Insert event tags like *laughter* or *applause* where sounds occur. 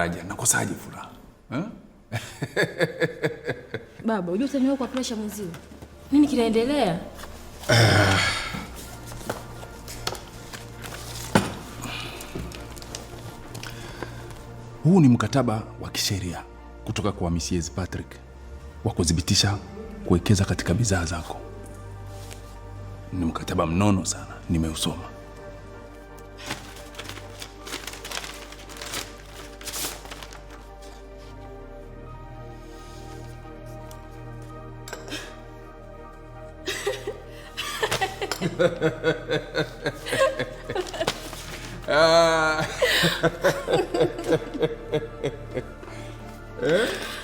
Aje, nakosaje furaha? Eh? *laughs* Baba, unajua tena kwa pressure mwenzio. Nini kinaendelea? Eh. Huu ni mkataba wa kisheria kutoka kwa Mrs. Patrick wa kudhibitisha kuwekeza katika bidhaa zako. Ni mkataba mnono sana, nimeusoma. 아. 에? *laughs*